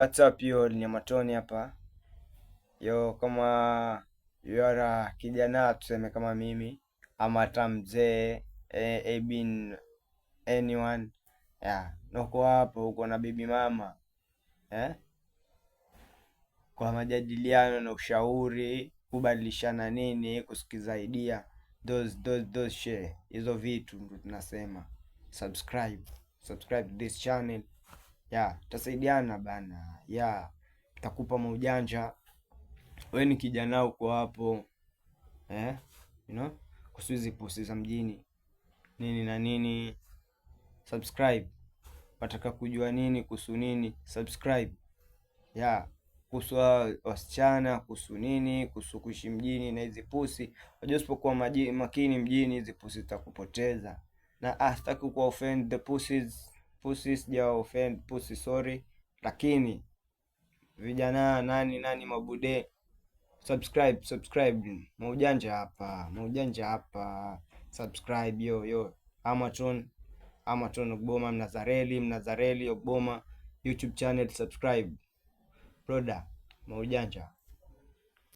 What's up yo, ni Matoni hapa yo. Kama yora kijana tuseme kama mimi ama hata mzee eh, eh been anyone yeah, nako hapo uko na bibi mama eh? Kwa majadiliano na ushauri, kubadilishana nini, kusikiza idea, those those those share hizo vitu, ndo tunasema subscribe subscribe this channel ya tutasaidiana bana, ya takupa maujanja, we ni kijana uko hapo eh, you know kusuizi posti za mjini nini na nini. Subscribe wataka kujua nini kuhusu nini, subscribe ya kuhusu wasichana kuhusu nini, kuhusu kuishi mjini na hizi pusi. Unajua usipokuwa makini mjini, hizi pusi zitakupoteza, na astaki ah, kuwa offend the pussies pusi, sija offend pusi, sorry, lakini vijana nani nani mabude subscribe subscribe, maujanja hapa, maujanja hapa, subscribe yo yo, Amaton Amaton Ogboma, Mnazareli Mnazareli Ogboma, YouTube channel subscribe, broda maujanja